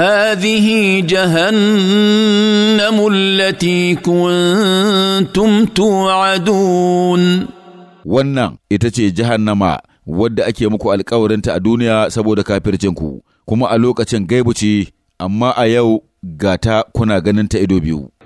هذه جهنم التي كنتم توعدون wannan ita ce jahannama wadda ake muku alkawarinta a duniya saboda kafircinku kuma a lokacin gaibu ce amma a yau gata kuna ganin ta ido biyu